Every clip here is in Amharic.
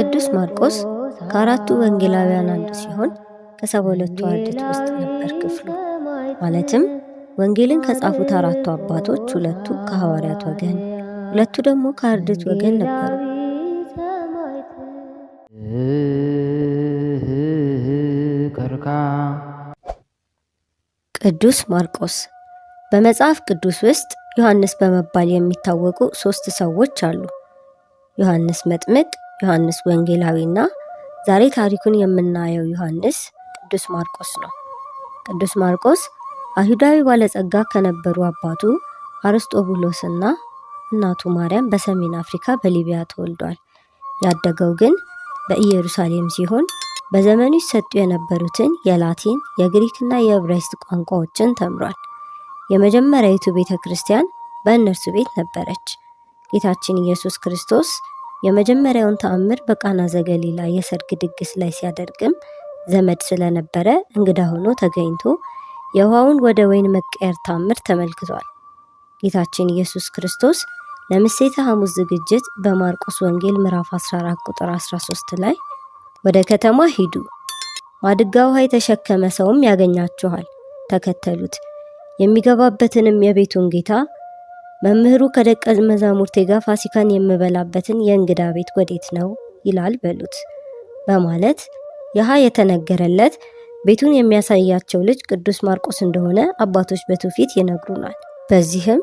ቅዱስ ማርቆስ ከአራቱ ወንጌላውያን አንዱ ሲሆን ከሰባ ሁለቱ አርድእት ውስጥ ነበር ክፍሉ። ማለትም ወንጌልን ከጻፉት አራቱ አባቶች ሁለቱ ከሐዋርያት ወገን፣ ሁለቱ ደግሞ ከአርድእት ወገን ነበሩ። ቅዱስ ማርቆስ በመጽሐፍ ቅዱስ ውስጥ ዮሐንስ በመባል የሚታወቁ ሦስት ሰዎች አሉ። ዮሐንስ መጥምቅ፣ ዮሐንስ ወንጌላዊና ዛሬ ታሪኩን የምናየው ዮሐንስ ቅዱስ ማርቆስ ነው። ቅዱስ ማርቆስ አይሁዳዊ ባለጸጋ ከነበሩ አባቱ አርስጦቡሎስና እናቱ ማርያም በሰሜን አፍሪካ በሊቢያ ተወልዷል። ያደገው ግን በኢየሩሳሌም ሲሆን በዘመኑ ይሰጡ የነበሩትን የላቲን የግሪክና የዕብራይስጥ ቋንቋዎችን ተምሯል። የመጀመሪያዊቱ ቤተ ክርስቲያን በእነርሱ ቤት ነበረች። ጌታችን ኢየሱስ ክርስቶስ የመጀመሪያውን ተአምር በቃና ዘገሊላ የሰርግ ድግስ ላይ ሲያደርግም ዘመድ ስለነበረ እንግዳ ሆኖ ተገኝቶ የውሃውን ወደ ወይን መቀየር ተአምር ተመልክቷል። ጌታችን ኢየሱስ ክርስቶስ ለምሴተ ሐሙስ ዝግጅት በማርቆስ ወንጌል ምዕራፍ 14 ቁጥር 13 ላይ ወደ ከተማ ሂዱ፣ ማድጋ ውሃ የተሸከመ ሰውም ያገኛችኋል፣ ተከተሉት፣ የሚገባበትንም የቤቱን ጌታ መምህሩ ከደቀ መዛሙርቴ ጋር ፋሲካን የምበላበትን የእንግዳ ቤት ወዴት ነው ይላል በሉት በማለት ያሃ የተነገረለት ቤቱን የሚያሳያቸው ልጅ ቅዱስ ማርቆስ እንደሆነ አባቶች በትውፊት ይነግሩናል። በዚህም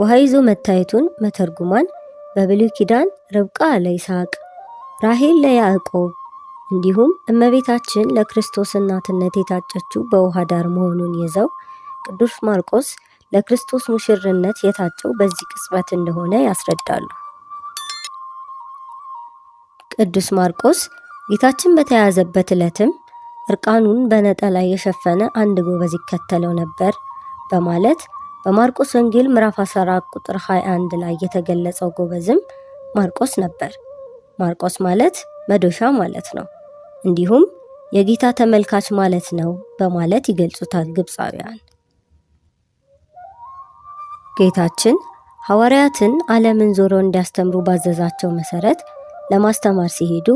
ውሃ ይዞ መታየቱን መተርጉማን በብሉይ ኪዳን ርብቃ ለይስሐቅ፣ ራሄል ለያዕቆብ እንዲሁም እመቤታችን ለክርስቶስ እናትነት የታጨችው በውሃ ዳር መሆኑን ይዘው ቅዱስ ማርቆስ ለክርስቶስ ሙሽርነት የታጨው በዚህ ቅጽበት እንደሆነ ያስረዳሉ። ቅዱስ ማርቆስ ጌታችን በተያያዘበት ዕለትም እርቃኑን በነጠላ የሸፈነ አንድ ጎበዝ ይከተለው ነበር በማለት በማርቆስ ወንጌል ምዕራፍ 14 ቁጥር 21 ላይ የተገለጸው ጎበዝም ማርቆስ ነበር። ማርቆስ ማለት መዶሻ ማለት ነው። እንዲሁም የጌታ ተመልካች ማለት ነው በማለት ይገልጹታል ግብፃውያን። ጌታችን ሐዋርያትን ዓለምን ዞሮ እንዲያስተምሩ ባዘዛቸው መሰረት ለማስተማር ሲሄዱ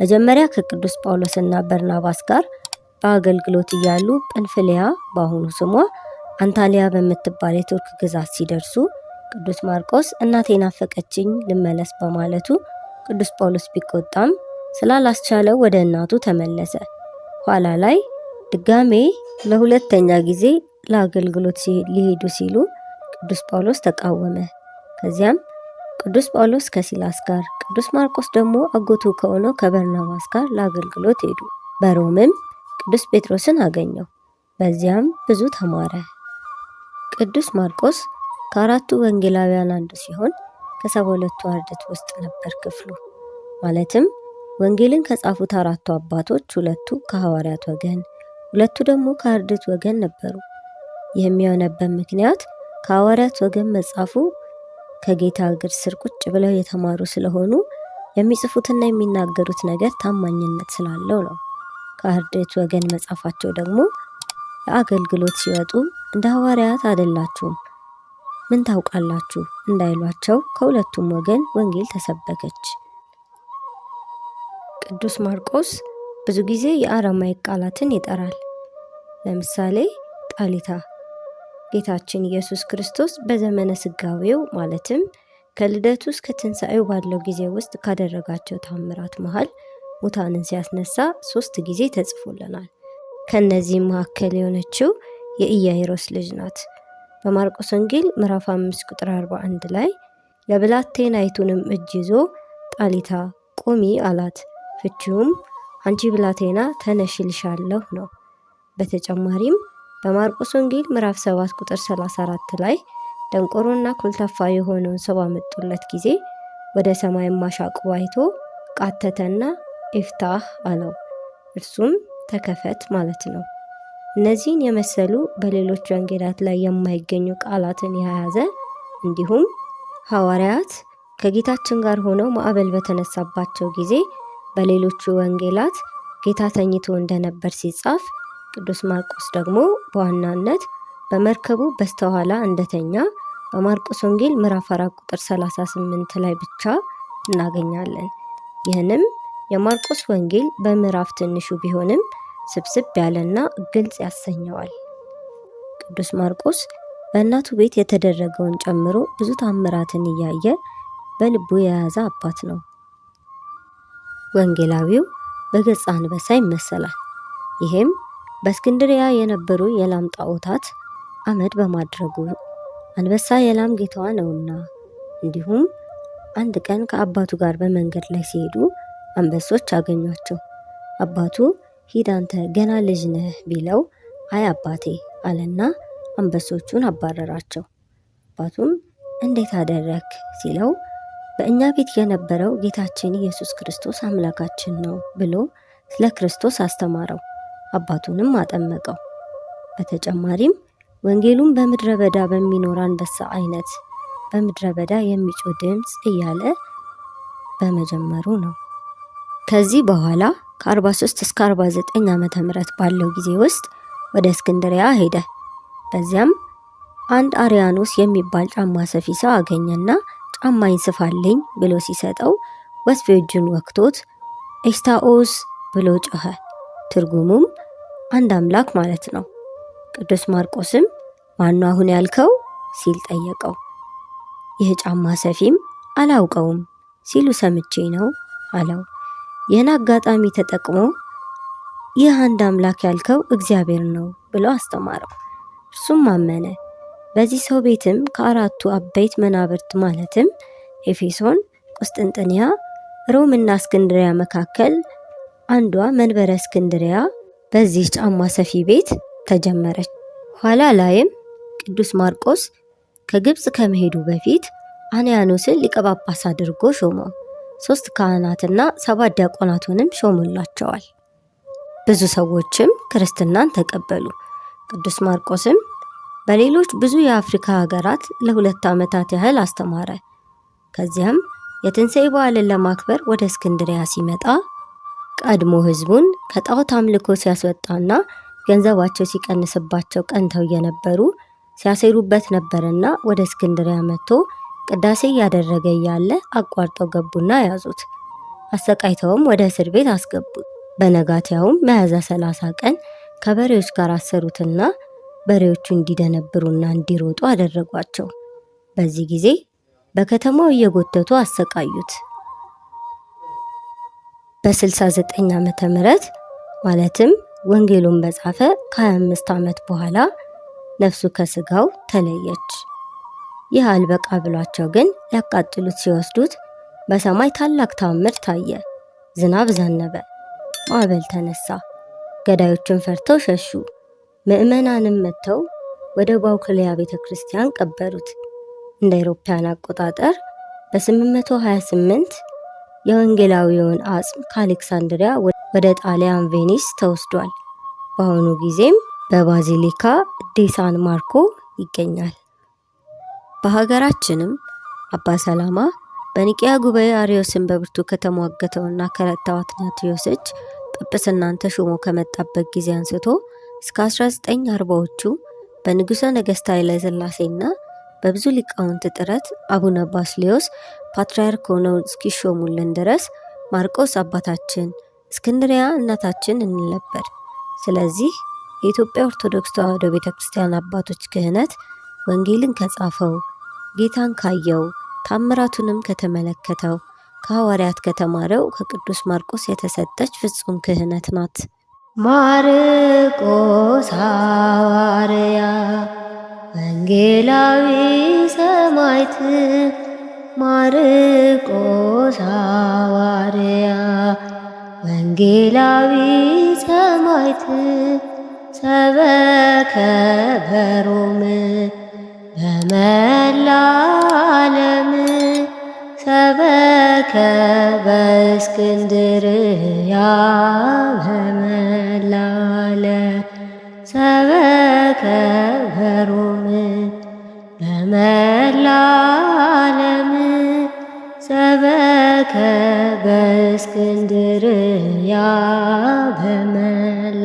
መጀመሪያ ከቅዱስ ጳውሎስና በርናባስ ጋር በአገልግሎት እያሉ ጵንፍልያ በአሁኑ ስሟ አንታሊያ በምትባል የቱርክ ግዛት ሲደርሱ ቅዱስ ማርቆስ እናቴ ናፈቀችኝ ልመለስ በማለቱ ቅዱስ ጳውሎስ ቢቆጣም ስላላስቻለው ወደ እናቱ ተመለሰ። ኋላ ላይ ድጋሜ ለሁለተኛ ጊዜ ለአገልግሎት ሊሄዱ ሲሉ ቅዱስ ጳውሎስ ተቃወመ። ከዚያም ቅዱስ ጳውሎስ ከሲላስ ጋር፣ ቅዱስ ማርቆስ ደግሞ አጎቱ ከሆነው ከበርናባስ ጋር ለአገልግሎት ሄዱ። በሮምም ቅዱስ ጴጥሮስን አገኘው። በዚያም ብዙ ተማረ። ቅዱስ ማርቆስ ከአራቱ ወንጌላውያን አንዱ ሲሆን ከሰባ ሁለቱ አርድእት ውስጥ ነበር ክፍሉ። ማለትም ወንጌልን ከጻፉት አራቱ አባቶች ሁለቱ ከሐዋርያት ወገን፣ ሁለቱ ደግሞ ከአርድእት ወገን ነበሩ። ይህም የሆነበት ምክንያት ከሐዋርያት ወገን መጻፉ ከጌታ እግር ስር ቁጭ ብለው የተማሩ ስለሆኑ የሚጽፉትና የሚናገሩት ነገር ታማኝነት ስላለው ነው። ከአርድእት ወገን መጻፋቸው ደግሞ ለአገልግሎት ሲወጡ እንደ ሐዋርያት አይደላችሁም፣ ምን ታውቃላችሁ እንዳይሏቸው ከሁለቱም ወገን ወንጌል ተሰበከች። ቅዱስ ማርቆስ ብዙ ጊዜ የአረማይክ ቃላትን ይጠራል። ለምሳሌ ጣሊታ ጌታችን ኢየሱስ ክርስቶስ በዘመነ ስጋዌው ማለትም ከልደቱ እስከ ትንሣኤው ባለው ጊዜ ውስጥ ካደረጋቸው ታምራት መሃል ሙታንን ሲያስነሳ ሶስት ጊዜ ተጽፎልናል። ከእነዚህም መካከል የሆነችው የኢያይሮስ ልጅ ናት። በማርቆስ ወንጌል ምዕራፍ 5 ቁጥር 41 ላይ የብላቴናይቱንም እጅ ይዞ ጣሊታ ቁሚ አላት። ፍቺውም አንቺ ብላቴና ተነሽልሻለሁ ነው። በተጨማሪም በማርቆስ ወንጌል ምዕራፍ 7 ቁጥር 34 ላይ ደንቆሮና ኩልተፋ የሆነውን ሰው ባመጡለት ጊዜ ወደ ሰማይ አሻቅቦ ባይቶ ቃተተና ኢፍታህ አለው፣ እርሱም ተከፈት ማለት ነው። እነዚህን የመሰሉ በሌሎች ወንጌላት ላይ የማይገኙ ቃላትን የያዘ እንዲሁም ሐዋርያት ከጌታችን ጋር ሆነው ማዕበል በተነሳባቸው ጊዜ በሌሎቹ ወንጌላት ጌታ ተኝቶ እንደነበር ሲጻፍ ቅዱስ ማርቆስ ደግሞ በዋናነት በመርከቡ በስተኋላ እንደተኛ በማርቆስ ወንጌል ምዕራፍ 4 ቁጥር 38 ላይ ብቻ እናገኛለን። ይህንም የማርቆስ ወንጌል በምዕራፍ ትንሹ ቢሆንም ስብስብ ያለና ግልጽ ያሰኘዋል። ቅዱስ ማርቆስ በእናቱ ቤት የተደረገውን ጨምሮ ብዙ ታምራትን እያየ በልቡ የያዘ አባት ነው። ወንጌላዊው በገጸ አንበሳ ይመሰላል። ይህም በእስክንድሪያ የነበሩ የላም ጣዖታት አመድ በማድረጉ አንበሳ የላም ጌታዋ ነውና፣ እንዲሁም አንድ ቀን ከአባቱ ጋር በመንገድ ላይ ሲሄዱ አንበሶች አገኟቸው። አባቱ ሂድ አንተ ገና ልጅ ነህ ቢለው አይ አባቴ አለና አንበሶቹን አባረራቸው። አባቱም እንዴት አደረክ ሲለው በእኛ ቤት የነበረው ጌታችን ኢየሱስ ክርስቶስ አምላካችን ነው ብሎ ስለ ክርስቶስ አስተማረው። አባቱንም አጠመቀው። በተጨማሪም ወንጌሉን በምድረ በዳ በሚኖር አንበሳ አይነት በምድረ በዳ የሚጮህ ድምፅ እያለ በመጀመሩ ነው። ከዚህ በኋላ ከ43 እስከ 49 ዓመተ ምህረት ባለው ጊዜ ውስጥ ወደ እስክንድሪያ ሄደ። በዚያም አንድ አሪያኖስ የሚባል ጫማ ሰፊ ሰው አገኘና ጫማ ይስፋልኝ ብሎ ሲሰጠው ወስፌ እጁን ወክቶት ኤስታኦስ ብሎ ጮኸ። ትርጉሙም አንድ አምላክ ማለት ነው። ቅዱስ ማርቆስም ማን አሁን ያልከው ሲል ጠየቀው። ይህ ጫማ ሰፊም አላውቀውም ሲሉ ሰምቼ ነው አለው። ይህን አጋጣሚ ተጠቅሞ ይህ አንድ አምላክ ያልከው እግዚአብሔር ነው ብሎ አስተማረው። እርሱም አመነ። በዚህ ሰው ቤትም ከአራቱ አበይት መናብርት ማለትም ኤፌሶን፣ ቁስጥንጥንያ፣ ሮምና እስክንድሪያ መካከል አንዷ መንበረ እስክንድሪያ በዚህ ጫማ ሰፊ ቤት ተጀመረች። ኋላ ላይም ቅዱስ ማርቆስ ከግብፅ ከመሄዱ በፊት አንያኖስን ሊቀ ጳጳስ አድርጎ ሾመ ሶስት ካህናትና ሰባት ዲያቆናቱንም ሾሞላቸዋል። ብዙ ሰዎችም ክርስትናን ተቀበሉ። ቅዱስ ማርቆስም በሌሎች ብዙ የአፍሪካ ሀገራት ለሁለት ዓመታት ያህል አስተማረ። ከዚያም የትንሣኤ በዓልን ለማክበር ወደ እስክንድሪያ ሲመጣ ቀድሞ ህዝቡን ከጣዖት አምልኮ ሲያስወጣና ገንዘባቸው ሲቀንስባቸው ቀንተው እየነበሩ ሲያሴሩበት ነበርና ወደ እስክንድሪያ መጥቶ ቅዳሴ እያደረገ እያለ አቋርጠው ገቡና ያዙት። አሰቃይተውም ወደ እስር ቤት አስገቡት። በነጋቲያውም መያዛ 30 ቀን ከበሬዎች ጋር አሰሩትና በሬዎቹ እንዲደነብሩና እንዲሮጡ አደረጓቸው። በዚህ ጊዜ በከተማው እየጎተቱ አሰቃዩት። በ69 ዓመተ ምህረት ማለትም ወንጌሉን በጻፈ ከ25 ዓመት በኋላ ነፍሱ ከስጋው ተለየች። ይህ አልበቃ ብሏቸው ግን ሊያቃጥሉት ሲወስዱት በሰማይ ታላቅ ተአምር ታየ። ዝናብ ዘነበ፣ ማዕበል ተነሳ። ገዳዮቹን ፈርተው ሸሹ። ምዕመናንም መጥተው ወደ ባውክልያ ቤተ ክርስቲያን ቀበሩት። እንደ አውሮፓውያን አቆጣጠር በ828 የወንጌላዊውን አጽም ከአሌክሳንድሪያ ወደ ጣሊያን ቬኒስ ተወስዷል። በአሁኑ ጊዜም በባዚሊካ ዴሳን ማርኮ ይገኛል። በሀገራችንም አባ ሰላማ በኒቅያ ጉባኤ አሪዮስን በብርቱ ከተሟገተውና ከረታው አትናቴዎስ እጅ ጵጵስናን ተሾሞ ከመጣበት ጊዜ አንስቶ እስከ 1940ዎቹ በንጉሠ ነገሥት ኃይለ ሥላሴና በብዙ ሊቃውንት ጥረት አቡነ ባስሌዮስ ፓትርያርክ ሆነው እስኪሾሙልን ድረስ ማርቆስ አባታችን፣ እስክንድሪያ እናታችን እንል ነበር። ስለዚህ የኢትዮጵያ ኦርቶዶክስ ተዋሕዶ ቤተ ክርስቲያን አባቶች ክህነት ወንጌልን ከጻፈው ጌታን ካየው ታምራቱንም ከተመለከተው ከሐዋርያት ከተማረው ከቅዱስ ማርቆስ የተሰጠች ፍጹም ክህነት ናት። ማርቆስ ሐዋርያ ወንጌላዊ ሰማዕት ማርቆስ ሐዋርያ ወንጌላዊ ሰማዕት ሰበከ በሮም በመላ ዓለም ሰበከ በእስክንድርያ በመላ ዓለም ሰበከ ከበእስክንድርያ በመላለ